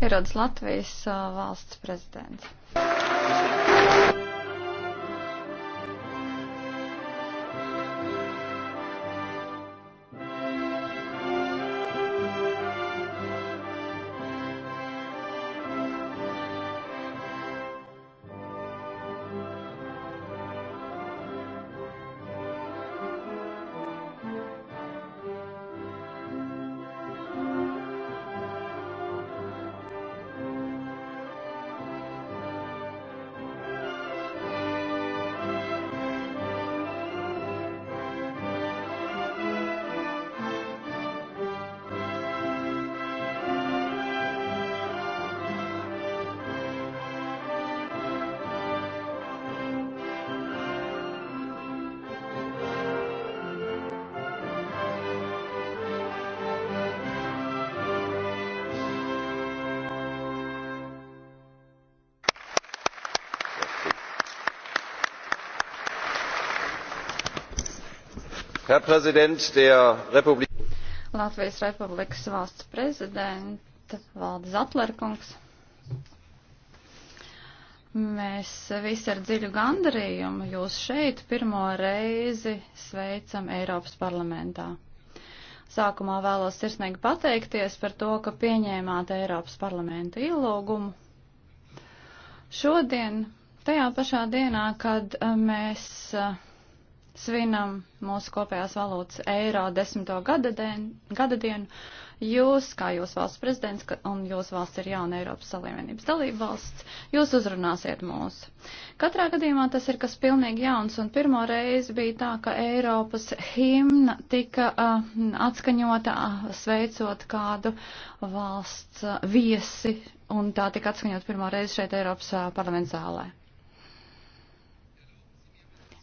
ierodas Latvijas uh, valsts prezidents. Herr Präsident der Republik. Latvijas Republikas valsts prezidenta Valdis Atlerkungs. Mēs visi ar dziļu gandarījumu jūs šeit pirmo reizi sveicam Eiropas parlamentā. Sākumā vēlos sirsnīgi pateikties par to, ka pieņēmāt Eiropas parlamenta ielūgumu. Šodien, tajā pašā dienā, kad mēs uh, svinam mūsu kopējās valūtas eiro desmito gada, dien, gada dienu. Jūs, kā jūsu valsts prezidents un jūsu valsts ir jauna Eiropas Savienības dalība valsts, jūs uzrunāsiet mūsu. Katrā gadījumā tas ir kas pilnīgi jauns, un pirmo reizi bija tā, ka Eiropas himna tika uh, atskaņota uh, sveicot kādu valsts uh, viesi, un tā tika atskaņot pirmo reizi šeit Eiropas uh, parlamentālē.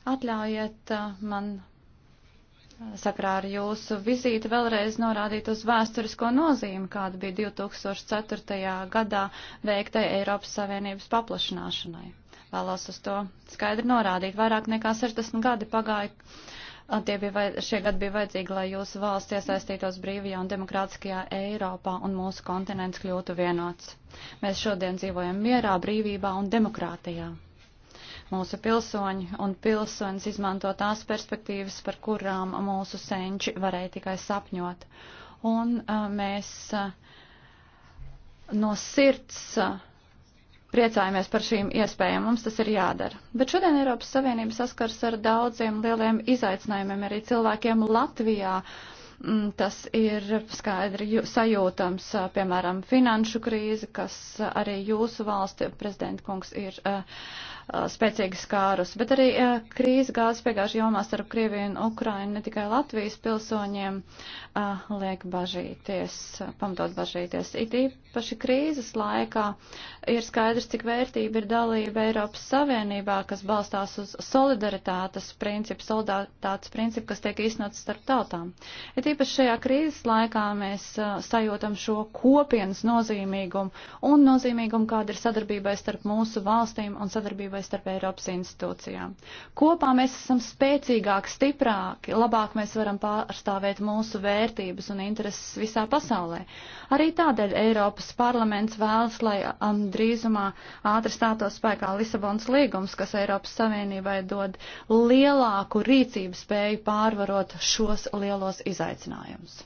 Atļaujiet uh, man uh, sakrā ar jūsu vizīti vēlreiz norādīt uz vēsturisko nozīmi, kāda bija 2004. gadā veiktai Eiropas Savienības paplašanāšanai. Vēlos uz to skaidri norādīt. Vairāk nekā 60 gadi pagāja. Tie bija, vai, šie gadi bija vajadzīgi, lai jūsu valsts iesaistītos brīvajā un demokrātiskajā Eiropā un mūsu kontinents kļūtu vienots. Mēs šodien dzīvojam mierā, brīvībā un demokrātijā mūsu pilsoņi un pilsoņas izmanto tās perspektīvas, par kurām mūsu senči varēja tikai sapņot. Un mēs no sirds priecājamies par šīm iespējām. Mums tas ir jādara. Bet šodien Eiropas Savienība saskars ar daudziem lieliem izaicinājumiem arī cilvēkiem Latvijā. Mm, tas ir skaidri sajūtams, piemēram, finanšu krīze, kas arī jūsu valsts prezidenta kungs ir uh, Uh, spēcīgi skārus, bet arī uh, krīze gāzes piegāžu jomā starp Krieviju un Ukrainu ne tikai Latvijas pilsoņiem uh, liek bažīties, pamatot bažīties. It īpaši krīzes laikā ir skaidrs, cik vērtība ir dalība Eiropas Savienībā, kas balstās uz solidaritātes principu, solidaritātes principu, kas tiek īstenots starp tautām. It īpaši šajā krīzes laikā mēs sajūtam šo kopienas nozīmīgumu un nozīmīgumu, kāda ir sadarbībai starp mūsu valstīm un sadarbībai vai starp Eiropas institūcijām. Kopā mēs esam spēcīgāki, stiprāki, labāk mēs varam pārstāvēt mūsu vērtības un intereses visā pasaulē. Arī tādēļ Eiropas parlaments vēlas, lai um, drīzumā ātri stātos spēkā Lisabons līgums, kas Eiropas Savienībai dod lielāku rīcības spēju pārvarot šos lielos izaicinājumus.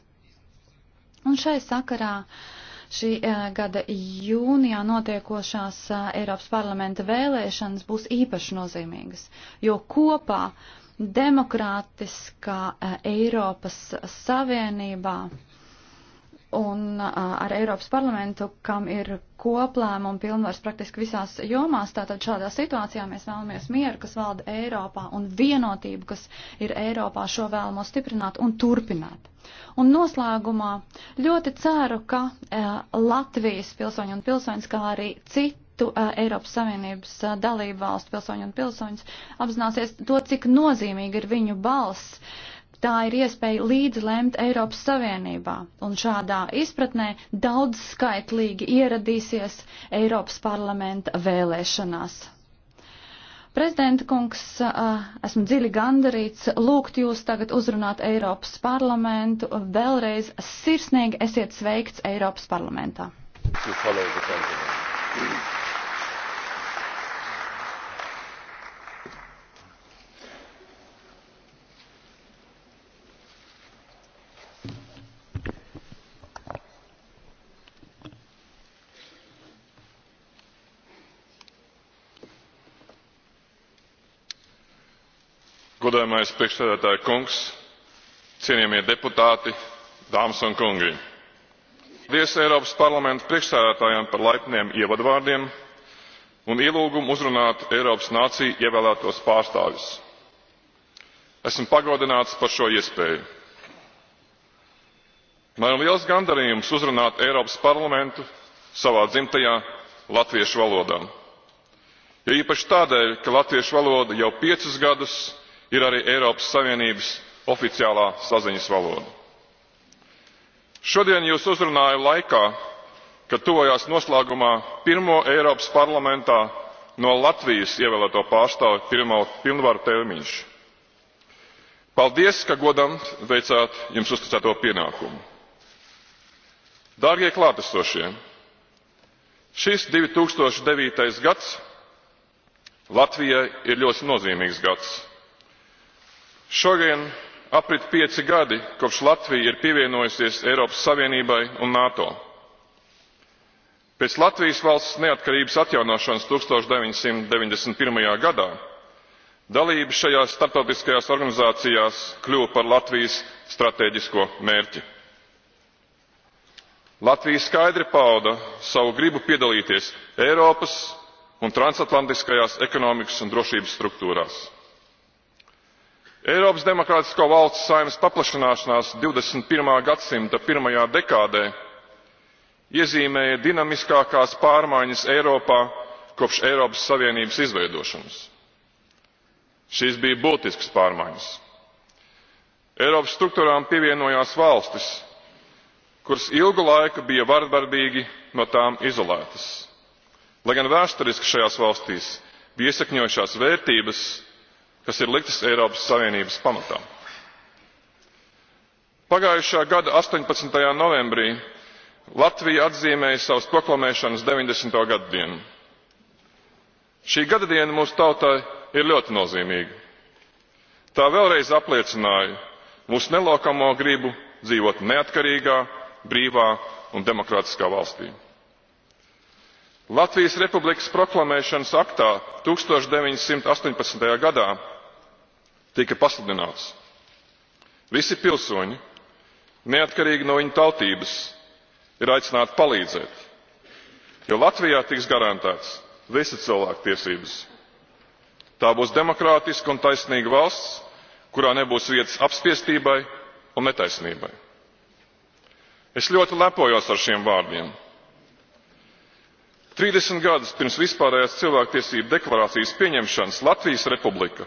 Un šai sakarā uh, Šī eh, gada jūnijā notiekošās eh, Eiropas parlamenta vēlēšanas būs īpaši nozīmīgas, jo kopā demokrātiskā eh, Eiropas Savienībā un ar Eiropas parlamentu, kam ir koplēmuma pilnvars praktiski visās jomās. Tātad šādā situācijā mēs vēlamies mieru, kas valda Eiropā, un vienotību, kas ir Eiropā, šo vēlamo stiprināt un turpināt. Un noslēgumā ļoti ceru, ka Latvijas pilsoņi un pilsoņas, kā arī citi, citu Eiropas Savienības dalību valstu pilsoņu un pilsoņus apzināsies to, cik nozīmīgi ir viņu balss Tā ir iespēja līdzlemt Eiropas Savienībā, un šādā izpratnē daudz skaitlīgi ieradīsies Eiropas parlamenta vēlēšanās. Prezidenta kungs, eh, esmu dziļi gandarīts lūgt jūs tagad uzrunāt Eiropas parlamentu. Vēlreiz sirsnīgi esiet sveikts Eiropas parlamentā. Thank you. Godājumais priekšsēdētāja kungs, cienījamie deputāti, dāmas un kungi! Paldies Eiropas parlamenta priekšsēdētājiem par laipniem ievadvārdiem un ielūgumu uzrunāt Eiropas nāciju ievēlētos pārstāvis. Esmu pagodināts par šo iespēju. Man ir liels gandarījums uzrunāt Eiropas parlamentu savā dzimtajā latviešu valodā. Jo īpaši tādēļ, ka latviešu valoda jau piecus gadus ir arī Eiropas Savienības oficiālā saziņas valoda. Šodien jūs uzrunāju laikā, kad tuvojās noslēgumā pirmo Eiropas parlamentā no Latvijas ievēlēto pārstāvi pirmo pilnvaru termiņš. Paldies, ka godam veicāt jums uzticēto pienākumu. Dārgie klātesošie, šis 2009. gads Latvijai ir ļoti nozīmīgs gads šodien aprit pieci gadi kopš latvija ir pievienojusies eiropas savienībai un nato. pēc latvijas valsts neatkarības atjaunošanas 1991. gadā dalība šajās starptautiskajās organizācijās kļuva par latvijas stratēģisko mērķi. latvija skaidri pauda savu gribu piedalīties eiropas un transatlantiskajās ekonomikas un drošības struktūrās eiropas demokrātisko valstu saimnes paplašināšanās 21. gadsimta pirmajā dekādē iezīmēja dinamiskākās pārmaiņas Eiropā kopš Eiropas Savienības izveidošanas. Šīs bija būtiskas pārmaiņas. Eiropas struktūrām pievienojās valstis, kuras ilgu laiku bija vardarbīgi no tām izolētas. Lai gan vēsturiski šajās valstīs bija iesakņojušās vērtības, kas ir liktas Eiropas Savienības pamatām. Pagājušā gada 18. novembrī Latvija atzīmēja savas proklamēšanas 90. gadadienu. Šī gadadiena mūsu tautai ir ļoti nozīmīga. Tā vēlreiz apliecināja mūsu nelokamo gribu dzīvot neatkarīgā, brīvā un demokrātiskā valstī. Latvijas Republikas proklamēšanas aktā 1918. gadā tika pasludināts. Visi pilsoņi, neatkarīgi no viņu tautības, ir aicināti palīdzēt, jo Latvijā tiks garantēts visi cilvēku tiesības. Tā būs demokrātiska un taisnīga valsts, kurā nebūs vietas apspiestībai un netaisnībai. Es ļoti lepojos ar šiem vārdiem. 30 gadus pirms vispārējās cilvēktiesību deklarācijas pieņemšanas Latvijas republika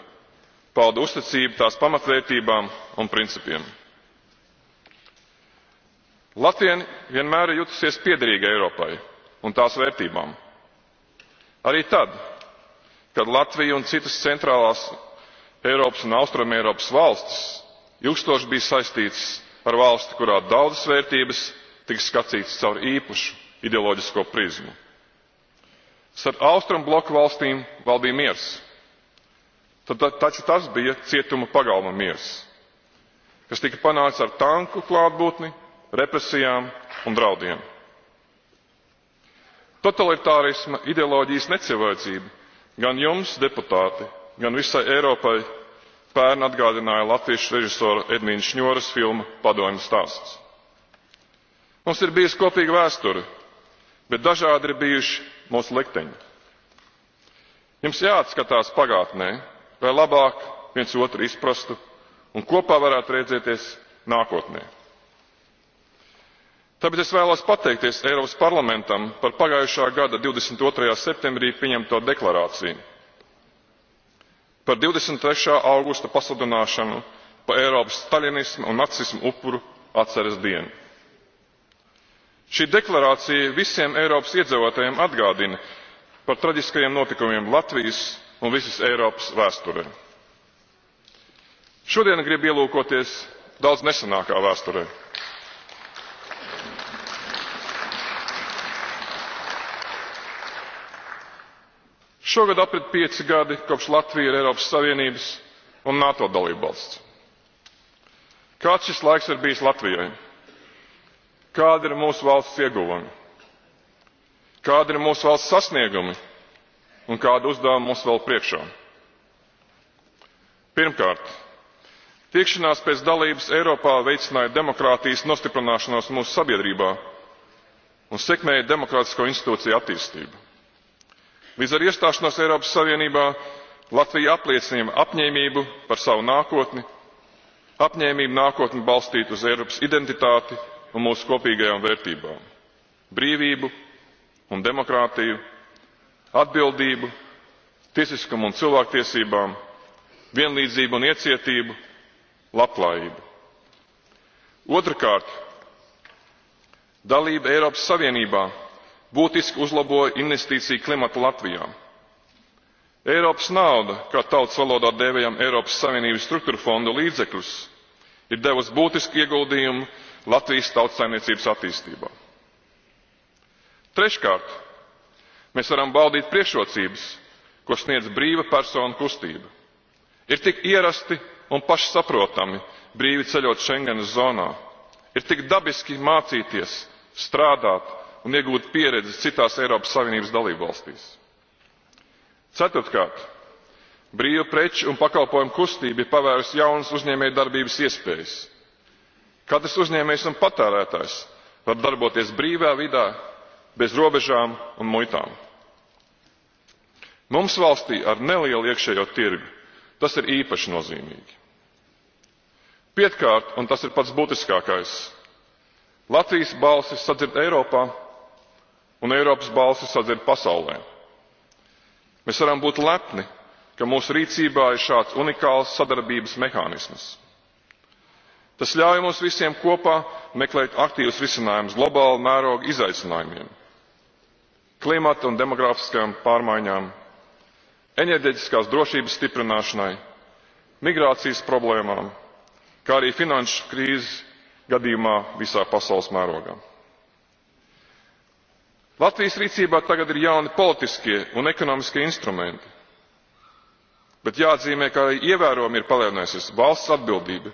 pauda uzticību tās pamatvērtībām un principiem. Latvija vienmēr ir jutusies piederīga Eiropai un tās vērtībām. Arī tad, kad Latvija un citas centrālās Eiropas un Austrumēropas valstis ilgstoši bija saistītas ar valsti, kurā daudzas vērtības tika skatītas caur īpašu ideoloģisko prizmu. Starp Austrumu bloku valstīm valdīja miers taču tas bija cietuma pagalma miers, kas tika panāca ar tanku klātbūtni, represijām un draudiem. Totalitārisma ideoloģijas necilvēcība gan jums, deputāti, gan visai Eiropai pērn atgādināja latviešu režisora Edmīna Šņoras filmu Padomju stāsts. Mums ir bijusi kopīga vēsture, bet dažādi ir bijuši mūsu likteņi. Jums jāatskatās pagātnē, lai labāk viens otru izprastu un kopā varētu redzēties nākotnē. Tāpēc es vēlos pateikties Eiropas parlamentam par pagājušā gada 22. septembrī pieņemto deklarāciju par 23. augusta pasludināšanu par Eiropas staļinismu un nacismu upuru atceres dienu. Šī deklarācija visiem Eiropas iedzīvotājiem atgādina par traģiskajiem notikumiem Latvijas, un visas Eiropas vēsturē. Šodien grib ielūkoties daudz nesenākā vēsturē. Šogad aprit pieci gadi, kopš Latvija ir Eiropas Savienības un NATO dalībvalsts. Kāds šis laiks ir bijis Latvijai? Kāda ir mūsu valsts ieguvumi? Kāda ir mūsu valsts sasniegumi? un kādu uzdevumu mums vēl priekšā. Pirmkārt, tiekšanās pēc dalības Eiropā veicināja demokrātijas nostiprināšanos mūsu sabiedrībā un sekmēja demokrātisko institūciju attīstību. Līdz ar iestāšanos Eiropas Savienībā Latvija apliecina apņēmību par savu nākotni, apņēmību nākotni balstīt uz Eiropas identitāti un mūsu kopīgajām vērtībām - brīvību un demokrātiju, atbildību, tiesiskumu un cilvēktiesībām, vienlīdzību un iecietību, labklājību. Otrakārt, dalība Eiropas Savienībā būtiski uzlaboja investīciju klimatu Latvijā. Eiropas nauda, kā tautas valodā dēvējam Eiropas Savienības struktūra fondu līdzekļus, ir devusi būtisku ieguldījumu Latvijas tautsaimniecības attīstībā. Treškārt, Mēs varam baudīt priekšrocības, ko sniedz brīva persona kustība. Ir tik ierasti un pašsaprotami brīvi ceļot Schengenas zonā. Ir tik dabiski mācīties, strādāt un iegūt pieredzi citās Eiropas Savienības dalībvalstīs. Ceturtkārt, brīva preču un pakalpojumu kustība ir pavērusi jaunas uzņēmējdarbības iespējas. Katrs uzņēmējs un patērētājs var darboties brīvā vidā, bez robežām un muitām. Mums valstī ar nelielu iekšējo tirgu tas ir īpaši nozīmīgi. Piekārt, un tas ir pats būtiskākais, Latvijas balsis sadzird Eiropā un Eiropas balsis sadzird pasaulē. Mēs varam būt lepni, ka mūsu rīcībā ir šāds unikāls sadarbības mehānisms. Tas ļauj mums visiem kopā meklēt aktīvus risinājumus globāla mēroga izaicinājumiem – klimata un demografiskajām pārmaiņām, enerģētiskās drošības stiprināšanai, migrācijas problēmām, kā arī finanšu krīzes gadījumā visā pasaules mērogā. Latvijas rīcībā tagad ir jauni politiskie un ekonomiskie instrumenti, bet jāatzīmē, ka arī ievērojami ir palielinājusies valsts atbildība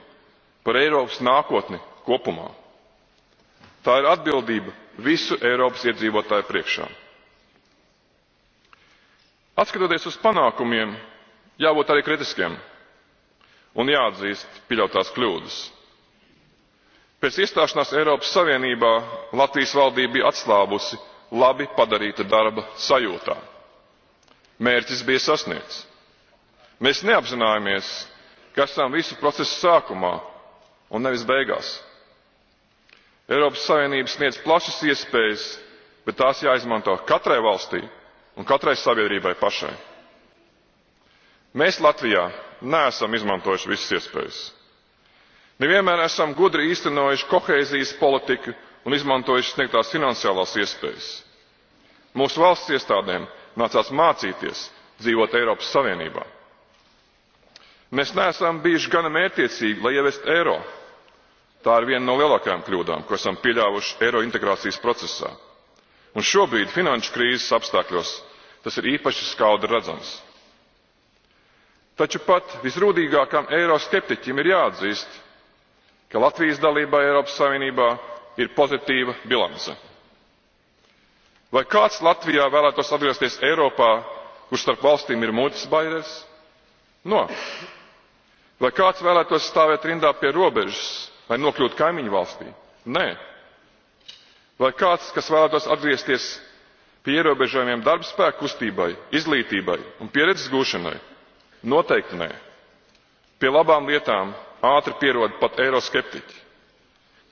par Eiropas nākotni kopumā. Tā ir atbildība visu Eiropas iedzīvotāju priekšā. Atskatoties uz panākumiem, jābūt arī kritiskiem un jāatzīst pieļautās kļūdas. Pēc iestāšanās Eiropas Savienībā Latvijas valdība bija atslābusi labi padarīta darba sajūtā. Mērķis bija sasniegts. Mēs neapzināmies, ka esam visu procesu sākumā un nevis beigās. Eiropas Savienība sniedz plašas iespējas, bet tās jāizmanto katrai valstī un katrai sabiedrībai pašai. Mēs Latvijā neesam izmantojuši visas iespējas. Nevienmēr esam gudri īstenojuši kohēzijas politiku un izmantojuši sniegtās finansiālās iespējas. Mūsu valsts iestādēm nācās mācīties dzīvot Eiropas Savienībā. Mēs neesam bijuši gana mērķiecīgi, lai ieviestu eiro. Tā ir viena no lielākajām kļūdām, ko esam pieļāvuši eiro integrācijas procesā. Un šobrīd finanšu krīzes apstākļos tas ir īpaši skaudri redzams. Taču pat visrūdīgākam eiroskeptiķim ir jāatzīst, ka Latvijas dalība Eiropas Savienībā ir pozitīva bilance. Vai kāds Latvijā vēlētos atgriezties Eiropā, kur starp valstīm ir muitas bailes? No. Vai kāds vēlētos stāvēt rindā pie robežas, lai nokļūtu kaimiņu valstī? Nē. Vai kāds, kas vēlētos atgriezties pie ierobežojumiem darba spēka kustībai, izglītībai un pieredzes gūšanai? Noteikti nē. Pie labām lietām ātri pierod pat eiroskeptiķi,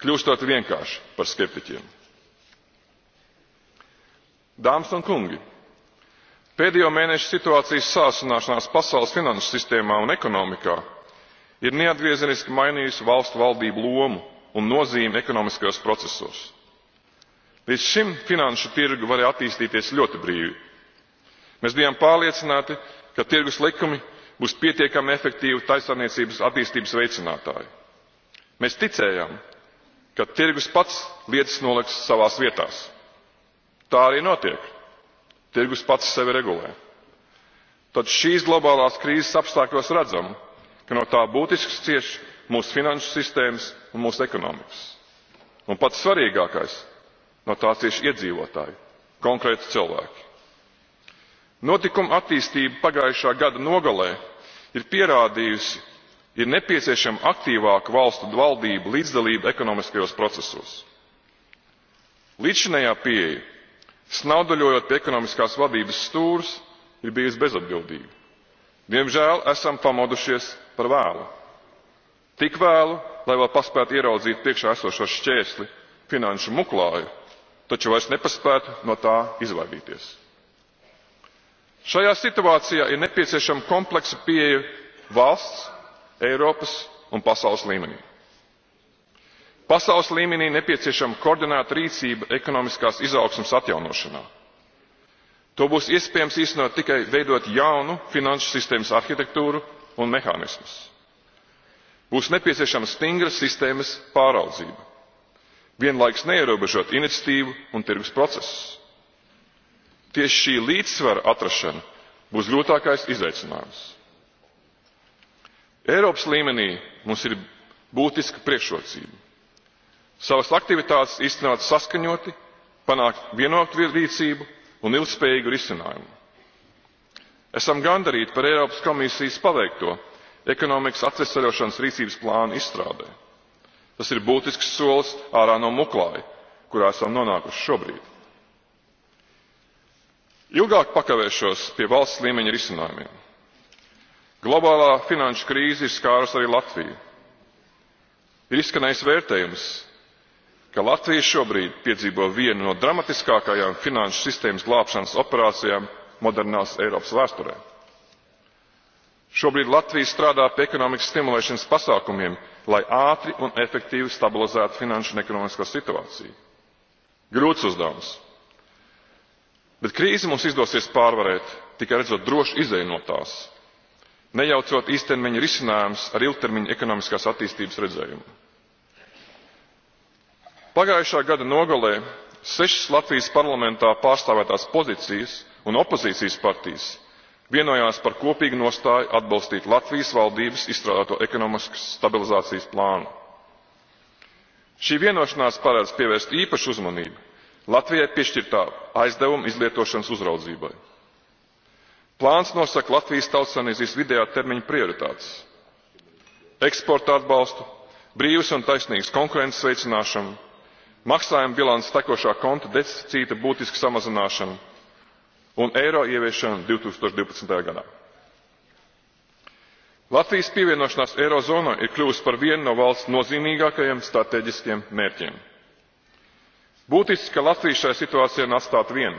kļūstot vienkārši par skeptiķiem. Dāmas un kungi, pēdējo mēnešu situācijas sāsināšanās pasaules finanšu sistēmā un ekonomikā ir neatgriezeniski mainījusi valstu valdību lomu un nozīmi ekonomiskajos procesos Līdz šim finanšu tirgu varēja attīstīties ļoti brīvi. Mēs bijām pārliecināti, ka tirgus likumi būs pietiekami efektīvi taisāniecības attīstības veicinātāji. Mēs ticējām, ka tirgus pats lietas noliks savās vietās. Tā arī notiek. Tirgus pats sevi regulē. Tad šīs globālās krīzes apstākļos redzam, ka no tā būtisks cieš mūsu finanšu sistēmas un mūsu ekonomikas. Un pats svarīgākais No tā cieši iedzīvotāji, konkrēti cilvēki. Notikuma attīstība pagājušā gada nogalē ir pierādījusi, ir nepieciešama aktīvāka valstu valdību līdzdalība ekonomiskajos procesos. Līdzinējā pieeja, snaudaļojot pie ekonomiskās vadības stūrus, ir bijusi bezatbildīga. Diemžēl esam pamodušies par vēlu. Tik vēlu, lai vēl paspētu ieraudzīt priekšā esošo šķēsli, finanšu muklāju, taču vairs nepaspētu no tā izvairīties. Šajā situācijā ir nepieciešama kompleksa pieeja valsts, Eiropas un pasaules līmenī. Pasaules līmenī nepieciešama koordinēta rīcība ekonomiskās izaugsmas atjaunošanā. To būs iespējams īstenot tikai veidot jaunu finanšu sistēmas arhitektūru un mehānismus. Būs nepieciešama stingra sistēmas pāraudzība vienlaikus neierobežot iniciatīvu un tirgus procesus. Tieši šī līdzsvara atrašana būs grūtākais izaicinājums. Eiropas līmenī mums ir būtiska priekšrocība. Savas aktivitātes izcināt saskaņoti, panākt vienotu rīcību un ilgspējīgu risinājumu. Esam gandarīti par Eiropas komisijas paveikto ekonomikas atvesaļošanas rīcības plānu izstrādē tas ir būtisks solis ārā no muklāja kurā esam nonākuši šobrīd. ilgāk pakavēšos pie valsts līmeņa risinājumiem. globālā finanšu krīze ir skārusi arī latviju. ir izskanējis vērtējums ka latvija šobrīd piedzīvo vienu no dramatiskākajām finanšu sistēmas glābšanas operācijām modernās Eiropas vēsturē. Šobrīd Latvija strādā pie ekonomikas stimulēšanas pasākumiem, lai ātri un efektīvi stabilizētu finanšu un ekonomisko situāciju. Grūts uzdevums. Bet krīzi mums izdosies pārvarēt tikai redzot drošu izēju no tās, nejaucot īstermiņa risinājumus ar ilgtermiņa ekonomiskās attīstības redzējumu. Pagājušā gada nogalē sešas Latvijas parlamentā pārstāvētās pozīcijas un opozīcijas partijas vienojās par kopīgu nostāju atbalstīt latvijas valdības izstrādāto ekonomikas stabilizācijas plānu. šī vienošanās paredz pievērst īpašu uzmanību latvijai piešķirtā aizdevuma izlietošanas uzraudzībai. plāns nosaka latvijas tautsaimniecības vidējā termiņa prioritātes eksporta atbalstu brīvas un taisnīgas konkurences veicināšanu maksājumu bilances tekošā konta deficīta būtisku samazināšanu un eiro ieviešanu 2012. gadā. Latvijas pievienošanās Eirozonā ir kļuvusi par vienu no valsts nozīmīgākajiem strateģiskiem mērķiem. Būtiski, ka Latvija šajā situācijā atstāt vienu.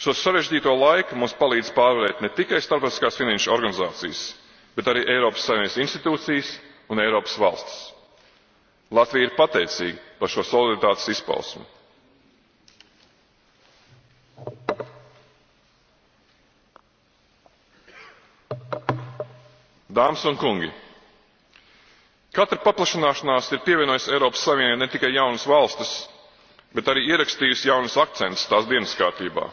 Šo sarežģīto laiku mums palīdz pārvarēt ne tikai starptautiskās finanšu organizācijas, bet arī Eiropas Savienības institūcijas un Eiropas valstis. Latvija ir pateicīga par šo solidaritātes izpausmu. Dāmas un kungi, katra paplašanāšanās ir pievienojusi Eiropas Savienībai ne tikai jaunas valstis, bet arī ierakstījusi jaunus akcentus tās dienas kārtībā,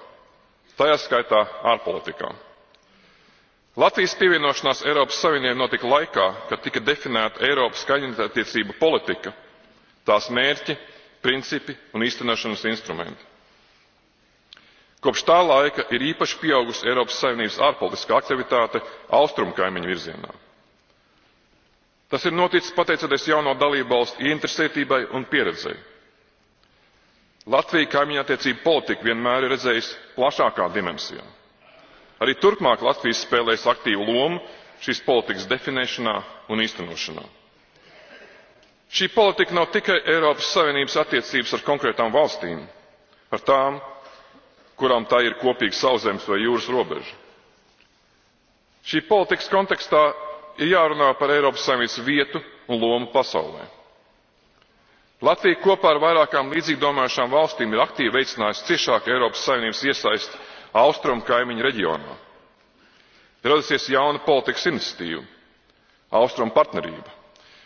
tajā skaitā ārpolitikā. Latvijas pievienošanās Eiropas Savienībai notika laikā, kad tika definēta Eiropas kaimiņattiecību politika, tās mērķi, principi un īstenošanas instrumenti kopš tā laika ir īpaši pieaugusi eiropas savienības ārpolitiskā aktivitāte austrumu kaimiņu virzienā. tas ir noticis pateicoties jauno dalībvalstu ieinteresētībai un pieredzei. latvija kaimiņattiecību politiku vienmēr ir redzējusi plašākā dimensijā. arī turpmāk latvija spēlēs aktīvu lomu šīs politikas definēšanā un īstenošanā. šī politika nav tikai eiropas savienības attiecības ar konkrētām valstīm ar tām kurām tā ir kopīga sauszemes vai jūras robeža. Šī politikas kontekstā ir jārunā par Eiropas Savienības vietu un lomu pasaulē. Latvija kopā ar vairākām līdzīgdomājušām valstīm ir aktīvi veicinājusi ciešāku Eiropas Savienības iesaisti austrumu kaimiņu reģionā. Ir radusies jauna politikas iniciatīva - Austrumu partnerība,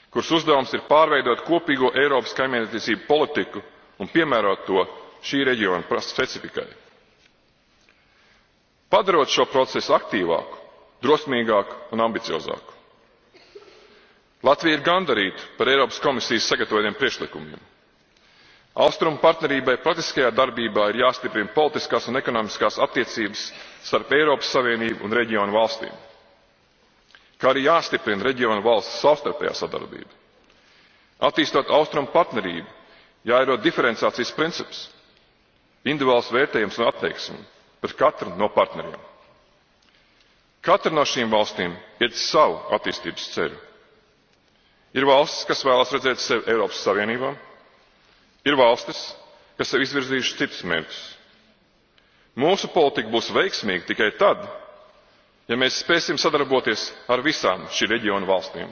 kuras uzdevums ir pārveidot kopīgo Eiropas kaimiņattiecību politiku un piemērot to šī reģiona specifikai padarot šo procesu aktīvāku, drosmīgāku un ambiciozāku. Latvija ir gandarīta par Eiropas komisijas sagatavotiem priekšlikumiem. Austrumu partnerībai praktiskajā darbībā ir jāstiprina politiskās un ekonomiskās attiecības starp Eiropas Savienību un reģionu valstīm, kā arī jāstiprina reģionu valsts savstarpējā sadarbība. Attīstot austrumu partnerību, jāierod diferenciācijas princips, individuāls vērtējums un attieksme, par katru no partneriem. Katra no šīm valstīm iet savu attīstības ceļu. Ir valstis, kas vēlas redzēt sevi Eiropas Savienībā, ir valstis, kas sev izvirzījušas citus mērķus. Mūsu politika būs veiksmīga tikai tad, ja mēs spēsim sadarboties ar visām šī reģiona valstīm,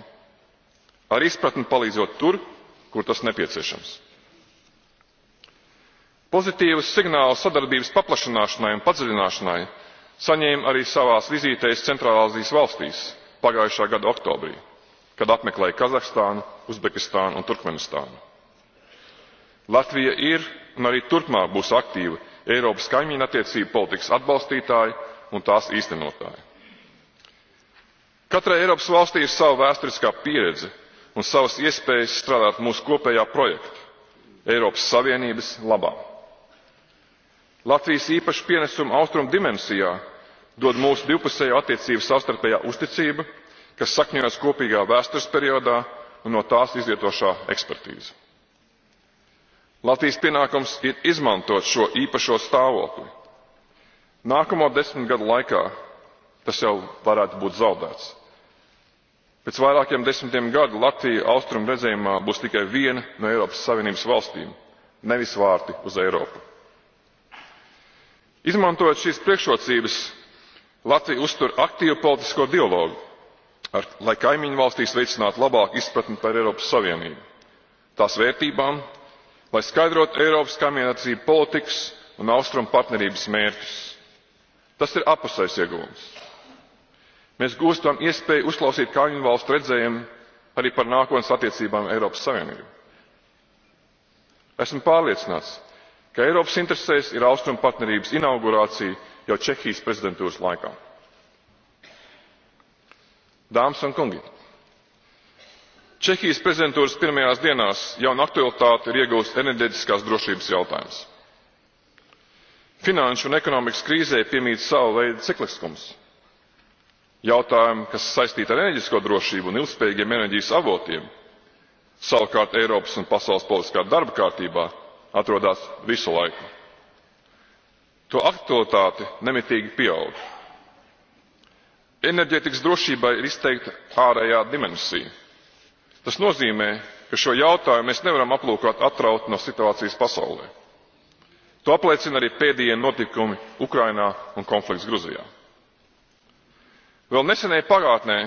ar izpratni palīdzot tur, kur tas nepieciešams pozitīvus signālus sadarbības paplašināšanai un padziļināšanai saņēma arī savās vizītēs centrālāzijas valstīs pagājušā gada oktobrī kad apmeklēja kazahstānu uzbekistānu un turkmenistānu. latvija ir un arī turpmāk būs aktīva eiropas kaimiņattiecību politikas atbalstītāja un tās īstenotāja. katrai eiropas valstī ir sava vēsturiskā pieredze un savas iespējas strādāt mūsu kopējā projekta eiropas savienības labā latvijas īpašs pienesums austrumu dimensijā dod mūsu divpusējo attiecību savstarpējā uzticība kas sakņojas kopīgā vēstures periodā un no tās izrietošā ekspertīze. latvijas pienākums ir izmantot šo īpašo stāvokli. nākamo desmit gadu laikā tas jau varētu būt zaudēts. Pēc vairākiem desmitiem gadu Latvija austrumu redzējumā būs tikai viena no Eiropas Savienības valstīm, nevis vārti uz Eiropu izmantojot šīs priekšrocības latvija uztur aktīvu politisko dialogu ar, lai kaimiņvalstīs veicinātu labāku izpratni par eiropas savienību tās vērtībām lai skaidrotu eiropas kaimiņattiecību politikas un austrumu partnerības mērķus. tas ir apusējs ieguvums. mēs gūstam iespēju uzklausīt kaimiņvalstu redzējumu arī par nākotnes attiecībām ar eiropas savienību. esmu pārliecināts ka eiropas interesēs ir austrumu partnerības inaugurācija jau čehijas prezidentūras laikā. Dāmas un kungi, Čehijas prezidentūras pirmajās dienās jauna aktualitāte ir iegūst enerģētiskās drošības jautājums. Finanšu un ekonomikas krīzē piemīt savu veidu cikliskums. Jautājumi, kas saistīti ar enerģisko drošību un ilgspējīgiem enerģijas avotiem, savukārt Eiropas un pasaules politiskā darba kārtībā atrodās visu laiku. To aktualitāte nemitīgi pieaug. Enerģētikas drošībai ir izteikta ārējā dimensija. Tas nozīmē, ka šo jautājumu mēs nevaram aplūkot atrauti no situācijas pasaulē. To apliecina arī pēdējie notikumi Ukrainā un konflikts Gruzijā. Vēl nesenajā pagātnē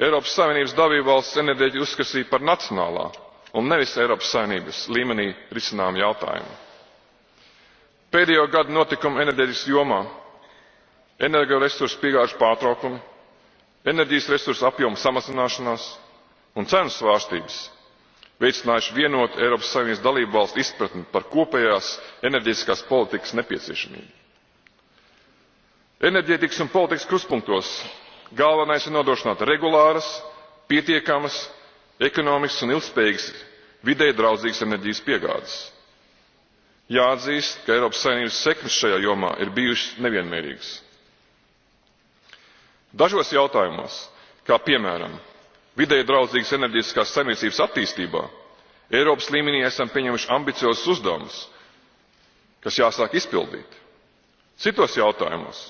Eiropas Savienības dalībvalsts enerģētiku uzskatīja par nacionālā un nevis Eiropas Savienības līmenī risinām jautājumu. Pēdējo gadu notikumi enerģētikas jomā - energoresursu piegāžu pārtraukumi, enerģijas resursu apjomu samazināšanās un cenu svārstības veicinājuši vienotu Eiropas Savienības dalību valstu izpratni par kopējās enerģētiskās politikas nepieciešamību. Enerģētikas un politikas kruspunktos galvenais ir nodrošināt regulāras, pietiekamas ekonomiskas un ilgtspējīgas videi draudzīgas enerģijas piegādes. jāatzīst ka eiropas savienības sekmes šajā jomā ir bijušas nevienmērīgas. dažos jautājumos kā piemēram videi draudzīgas enerģētiskās saimniecības attīstībā eiropas līmenī esam pieņēmuši ambiciozus uzdevumus kas jāsāk izpildīt. citos jautājumos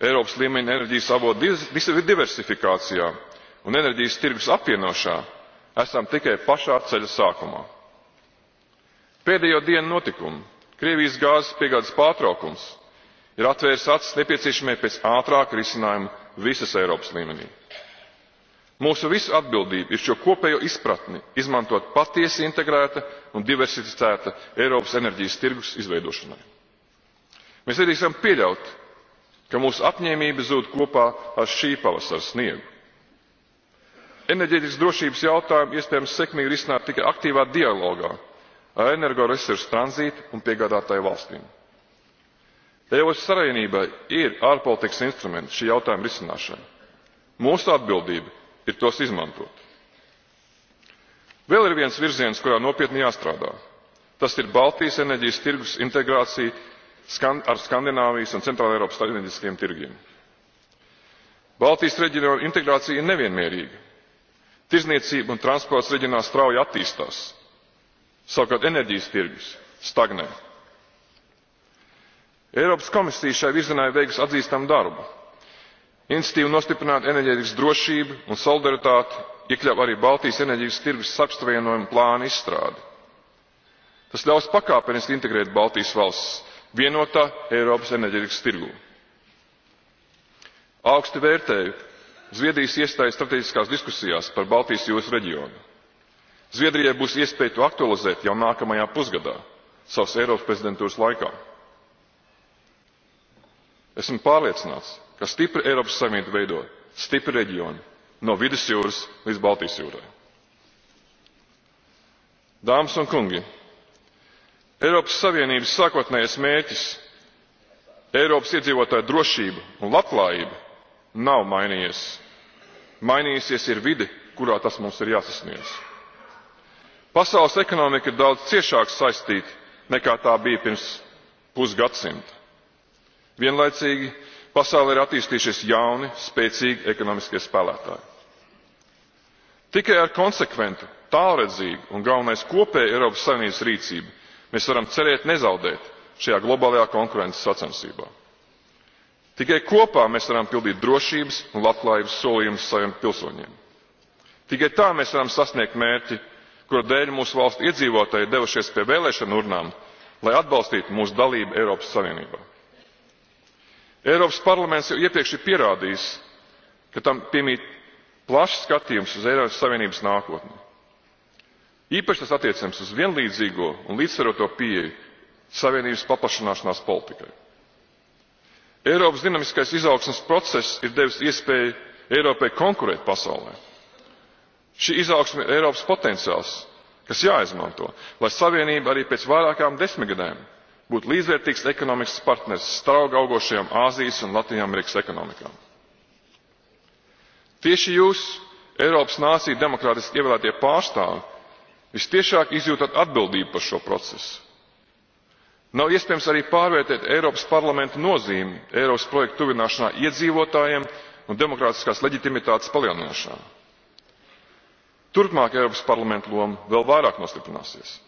eiropas līmeņa enerģijas avotu diversifikācijā un enerģijas tirgus apvienošanā esam tikai pašā ceļa sākumā. Pēdējo dienu notikumi, Krievijas gāzes piegādes pārtraukums, ir atvēris acis nepieciešamai pēc ātrāka risinājuma visas Eiropas līmenī. Mūsu visu atbildība ir šo kopējo izpratni izmantot patiesi integrēta un diversificēta Eiropas enerģijas tirgus izveidošanai. Mēs nedrīkstam pieļaut, ka mūsu apņēmība zūd kopā ar šī pavasara sniegu. Enerģētikas drošības jautājumu iespējams sekmīgi risināt tikai aktīvā dialogā ar energoresursu tranzītu un piegādātāju valstīm. Eiropas Savienībai ir ārpolitikas instrumenti šī jautājuma risināšanai. Mūsu atbildība ir tos izmantot. Vēl ir viens virziens, kurā nopietni jāstrādā. Tas ir Baltijas enerģijas tirgus integrācija ar Skandināvijas un Centrāla Eiropas enerģiskiem tirgiem. Baltijas reģiona integrācija ir nevienmērīga Tirzniecība un transports reģionā strauji attīstās, savukārt enerģijas tirgus stagnē. Eiropas komisija šai virzienā ir veikusi atzīstamu darbu. Institīva nostiprināt enerģētikas drošību un solidaritāti iekļauj arī Baltijas enerģijas tirgus sapstvienojumu plānu izstrādi. Tas ļaus pakāpeniski integrēt Baltijas valsts vienotā Eiropas enerģētikas tirgū. Augsti vērtēju Zviedrijas iestājas strateģiskās diskusijās par Baltijas jūras reģionu. Zviedrijai būs iespēja to aktualizēt jau nākamajā pusgadā, savas Eiropas prezidentūras laikā. Esmu pārliecināts, ka stipra Eiropas Savienība veido stipru reģionu no Vidusjūras līdz Baltijas jūrai. Dāmas un kungi, Eiropas Savienības sākotnējais mērķis - Eiropas iedzīvotāju drošība un labklājība nav mainījies. Mainījusies ir vide, kurā tas mums ir jāsasniedz. Pasaules ekonomika ir daudz ciešāk saistīta nekā tā bija pirms pusgadsimta. Vienlaicīgi pasaulē ir attīstījušies jauni, spēcīgi ekonomiskie spēlētāji. Tikai ar konsekventu, tālredzīgu un galvenais kopēju Eiropas Savienības rīcību mēs varam cerēt nezaudēt šajā globālajā konkurences sacensībā tikai kopā mēs varam pildīt drošības un labklājības solījumus saviem pilsoņiem. tikai tā mēs varam sasniegt mērķi kura dēļ mūsu valstu iedzīvotāji devušies pie vēlēšanu urnām lai atbalstītu mūsu dalību eiropas savienībā. eiropas parlaments jau iepriekš ir pierādījis ka tam piemīt plašs skatījums uz eiropas savienības nākotni. īpaši tas attiecams uz vienlīdzīgo un līdzsvaroto pieeju savienības paplašināšanās politikai eiropas dinamiskais izaugsmes process ir devis iespēju eiropai konkurēt pasaulē. šī izaugsme ir eiropas potenciāls kas jāizmanto lai savienība arī pēc vairākām desmitgadēm būtu līdzvērtīgs ekonomikas partners strauji augošajām āzijas un latvijamerikas ekonomikām. tieši jūs eiropas nāciju demokrātiski ievēlētie pārstāvji vistiešāk izjūtat atbildību par šo procesu nav iespējams arī pārvērtēt eiropas parlamenta nozīmi eiropas projekta tuvināšanā iedzīvotājiem un demokrātiskās leģitimitātes palielināšanā. turpmāk eiropas parlamenta loma vēl vairāk nostiprināsies.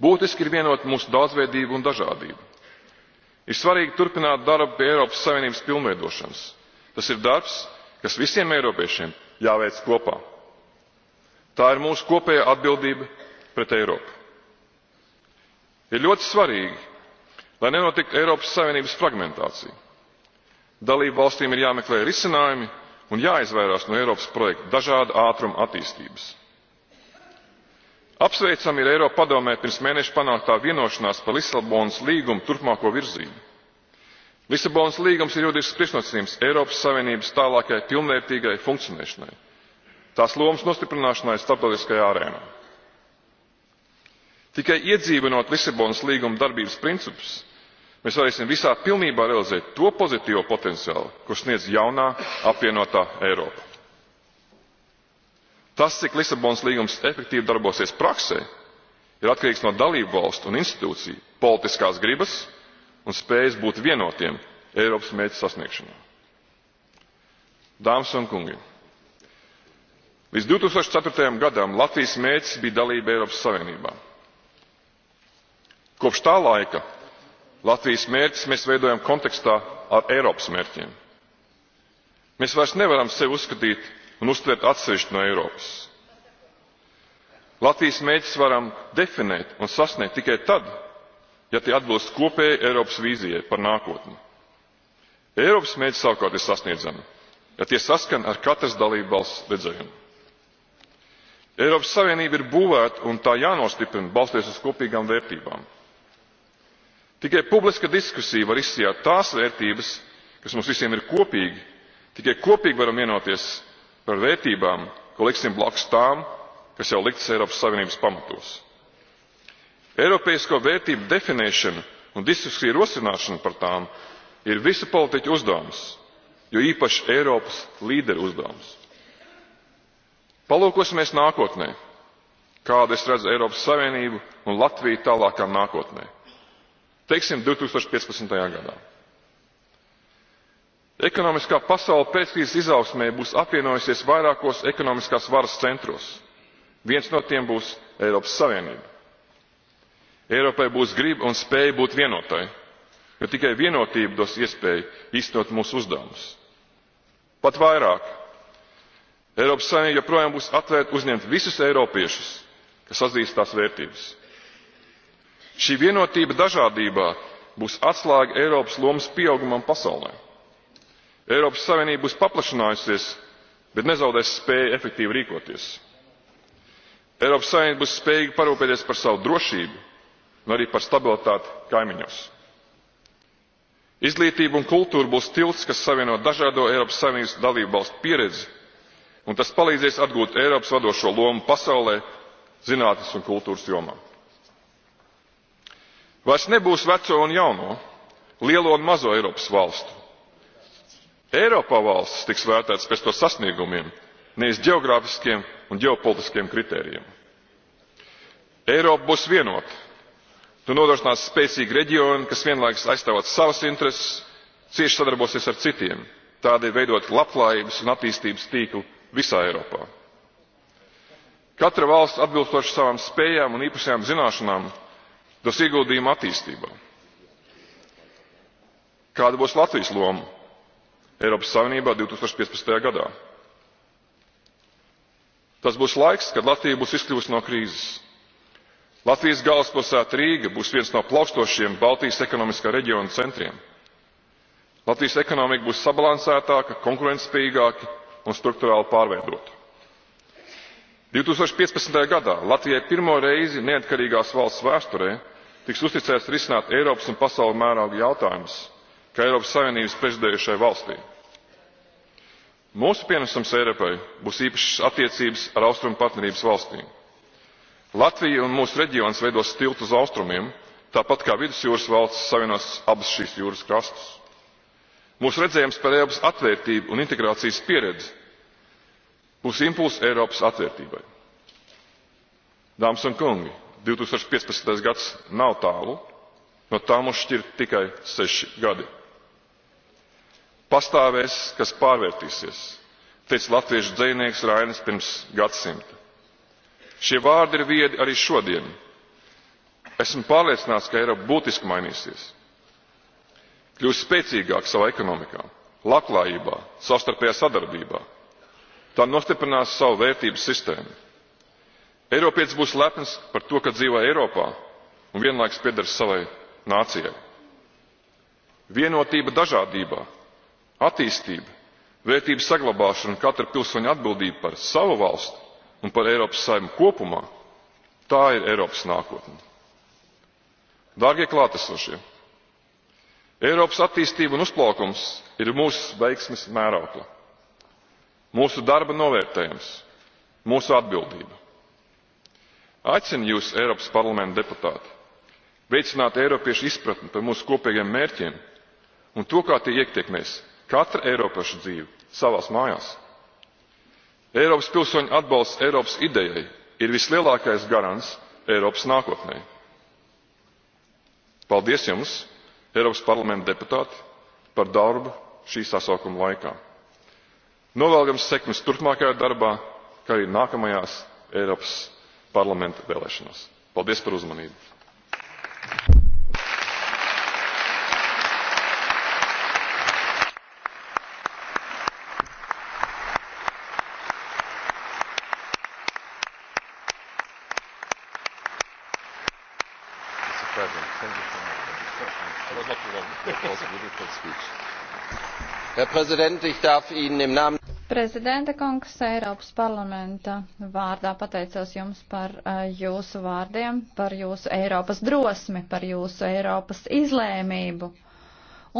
būtiski ir vienot mūsu daudzveidību un dažādību. ir svarīgi turpināt darbu pie eiropas savienības pilnveidošanas. tas ir darbs kas visiem eiropiešiem jāveic kopā. tā ir mūsu kopējā atbildība pret eiropu ir ļoti svarīgi lai nenotiktu eiropas savienības fragmentācija. dalību valstīm ir jāmeklē risinājumi un jāizvairās no eiropas projekta dažāda ātruma attīstības. apsveicama ir eiropadomē pirms mēneša panāktā vienošanās par lisabonas līguma turpmāko virzību. lisabonas līgums ir juridisks priekšnosacījums eiropas savienības tālākai pilnvērtīgai funkcionēšanai tās lomas nostiprināšanai starptautiskajā arēnā. Tikai iedzīvinot Lisabonas līguma darbības principus, mēs varēsim visā pilnībā realizēt to pozitīvo potenciālu, kur sniedz jaunā apvienotā Eiropa. Tas, cik Lisabonas līgums efektīvi darbosies praksē, ir atkarīgs no dalību valstu un institūciju politiskās gribas un spējas būt vienotiem Eiropas mērķu sasniegšanā. Dāmas un kungi, līdz 2004. gadam Latvijas mērķis bija dalība Eiropas Savienībā kopš tā laika latvijas mērķus mēs veidojam kontekstā ar eiropas mērķiem. mēs vairs nevaram sevi uzskatīt un uztvert atsevišķi no eiropas. latvijas mērķus varam definēt un sasniegt tikai tad ja tie atbilst kopējai eiropas vīzijai par nākotni. eiropas mērķi savukārt ir sasniedzami ja tie saskan ar katras dalībvalsts redzējumu. Eiropas Savienība ir būvēta un tā jānostiprina balstoties uz kopīgām vērtībām tikai publiska diskusija var izsijāt tās vērtības kas mums visiem ir kopīgi tikai kopīgi varam vienoties par vērtībām ko liksim blakus tām kas jau liktas Eiropas Savienības pamatos. Eiropeisko vērtību definēšana un diskusiju rosināšana par tām ir visu politiķu uzdevums, jo īpaši Eiropas līderu uzdevums. Palūkosimies nākotnē, kāda es redzu Eiropas Savienību un Latviju tālākā nākotnē. Teiksim, 2015. gadā. Ekonomiskā pasaule pēckrīzes izaugsmē būs apvienojusies vairākos ekonomiskās varas centros. Viens no tiem būs Eiropas Savienība. Eiropai būs griba un spēja būt vienotai, jo tikai vienotība dos iespēju īstenot mūsu uzdevumus. Pat vairāk, Eiropas Savienība joprojām būs atvērta uzņemt visus eiropiešus, kas atzīst tās vērtības šī vienotība dažādībā būs atslēga eiropas lomas pieaugumam pasaulē. eiropas savienība būs paplašinājusies bet nezaudēs spēju efektīvi rīkoties. eiropas savienība būs spējīga parūpēties par savu drošību un arī par stabilitāti kaimiņos. izglītība un kultūra būs tilts kas savieno dažādo eiropas savienības dalību valstu pieredzi un tas palīdzēs atgūt eiropas vadošo lomu pasaulē zinātnes un kultūras jomā. Vairs nebūs veco un jauno, lielo un mazo Eiropas valstu. Eiropā valsts tiks vērtētas pēc to sasniegumiem, nevis geogrāfiskiem un ģeopolitiskiem kritērijiem. Eiropa būs vienota. Tu nodrošinās spēcīgu reģionu, kas vienlaikus aizstāvot savas intereses, cieši sadarbosies ar citiem, tādēļ veidot labklājības un attīstības tīklu visā Eiropā. Katra valsts atbilstoši savām spējām un īpašajām zināšanām tas ieguldījumu attīstībā. Kāda būs Latvijas loma Eiropas Savienībā 2015. gadā? Tas būs laiks, kad Latvija būs izkļuvusi no krīzes. Latvijas galvaspilsēta Rīga būs viens no plaukstošiem Baltijas ekonomiskā reģiona centriem. Latvijas ekonomika būs sabalansētāka, konkurētspējīgāka un struktūrāli pārveidota. 2015. gadā Latvijai pirmo reizi neatkarīgās valsts vēsturē tiks uzticēts risināt Eiropas un pasaules mēroga jautājumus, kā Eiropas Savienības prezidējušai valstī. Mūsu pienesums Eiropai būs īpašas attiecības ar austrumu partnerības valstīm. Latvija un mūsu reģions veidos tiltu uz austrumiem, tāpat kā vidusjūras valsts savienos abas šīs jūras krastus. Mūsu redzējums par Eiropas atvērtību un integrācijas pieredzi būs impulss Eiropas atvērtībai. Dāmas un kungi, 2015. gads nav tālu, no tā mums šķir tikai seši gadi. Pastāvēs, kas pārvērtīsies, teica latviešu dzinieks Rainis pirms gadsimta. Šie vārdi ir viedi arī šodien. Esmu pārliecināts, ka Eiropa būtiski mainīsies. Kļūs spēcīgāk savā ekonomikā, labklājībā, savstarpējā sadarbībā. Tā nostiprinās savu vērtību sistēmu Eiropietis būs lepns par to, ka dzīvo Eiropā un vienlaikus pieder savai nācijai. Vienotība dažādībā, attīstība, vērtības saglabāšana un katra pilsoņa atbildība par savu valstu un par Eiropas saimu kopumā - tā ir Eiropas nākotne. Dārgie klātesošie, Eiropas attīstība un uzplaukums ir mūsu veiksmes mērokla, mūsu darba novērtējums, mūsu atbildība aicinu jūs eiropas parlamenta deputāti veicināt eiropiešu izpratni par mūsu kopīgiem mērķiem un to kā tie ietekmēs katra eiropieša dzīvi savās mājās. eiropas pilsoņu atbalsts eiropas idejai ir vislielākais garants eiropas nākotnei. paldies jums eiropas parlamenta deputāti par darbu šī sasaukuma laikā. novēlu jums sekmes turpmākajā darbā kā arī nākamajās eiropas parlamenta vēlēšanās. Paldies par uzmanību! herr präsident! ich darf ihnen im namen des rates und des rates der mitglieder des europäischen parlaments herzlich Prezidenta kungs Eiropas parlamenta vārdā pateicos jums par uh, jūsu vārdiem, par jūsu Eiropas drosmi, par jūsu Eiropas izlēmību.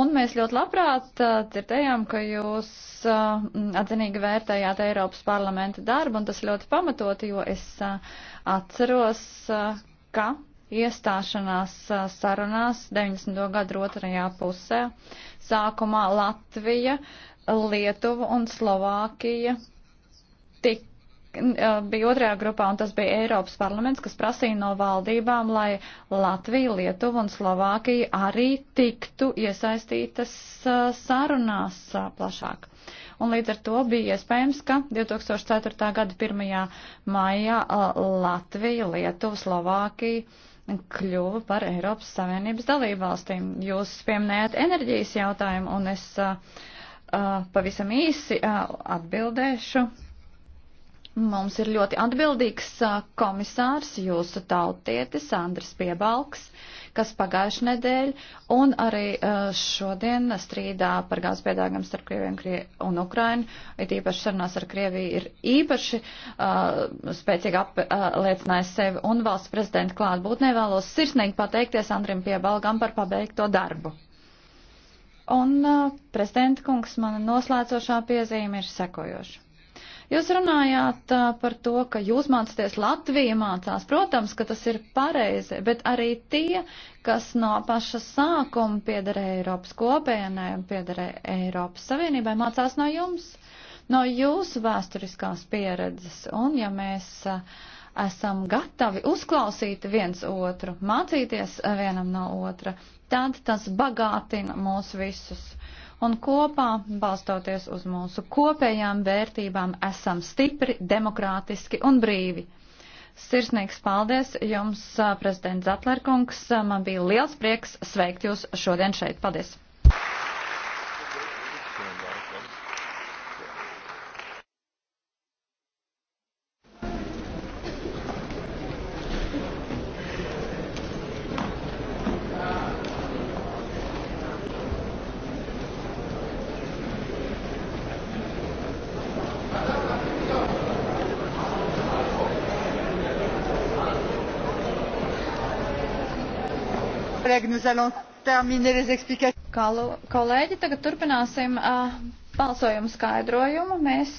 Un mēs ļoti labprāt uh, dzirdējām, ka jūs uh, atzinīgi vērtējāt Eiropas parlamenta darbu, un tas ļoti pamatoti, jo es uh, atceros, uh, ka iestāšanās sarunās 90. gadu otrajā pusē. Sākumā Latvija, Lietuva un Slovākija tik, bija otrajā grupā, un tas bija Eiropas parlaments, kas prasīja no valdībām, lai Latvija, Lietuva un Slovākija arī tiktu iesaistītas sarunās plašāk un līdz ar to bija iespējams, ka 2004. gada 1. maijā Latvija, Lietuva, Slovākija kļuva par Eiropas Savienības dalībvalstīm. Jūs pieminējat enerģijas jautājumu, un es uh, uh, pavisam īsi uh, atbildēšu. Mums ir ļoti atbildīgs uh, komisārs, jūsu tautietis Andris Piebalgs. Uh, kas pagājuši nedēļ, un arī uh, šodien strīdā par gāzes piedāgam starp Krieviju un Ukrainu, it īpaši sarunās ar Krieviju, ir īpaši uh, spēcīgi apliecinājis uh, sevi un valsts prezidenta klātbūtnē vēlos sirsnīgi pateikties Andrim Piebalgam par pabeigto darbu. Un uh, prezidenta kungs, mana noslēcošā piezīme ir sekojoša. Jūs runājāt par to, ka jūs mācāties Latvija mācās. Protams, ka tas ir pareizi, bet arī tie, kas no paša sākuma piederēja Eiropas kopienai un piederēja Eiropas Savienībai, mācās no jums, no jūsu vēsturiskās pieredzes. Un ja mēs esam gatavi uzklausīt viens otru, mācīties vienam no otra, tad tas bagātina mūs visus. Uh, un kopā, balstoties uz mūsu kopējām vērtībām, esam stipri, demokrātiski un brīvi. Sirsnīgs paldies jums, prezidents Zatlerkungs. Man bija liels prieks sveikt jūs šodien šeit. Paldies! Kolēģi, tagad turpināsim balsojumu skaidrojumu. Mēs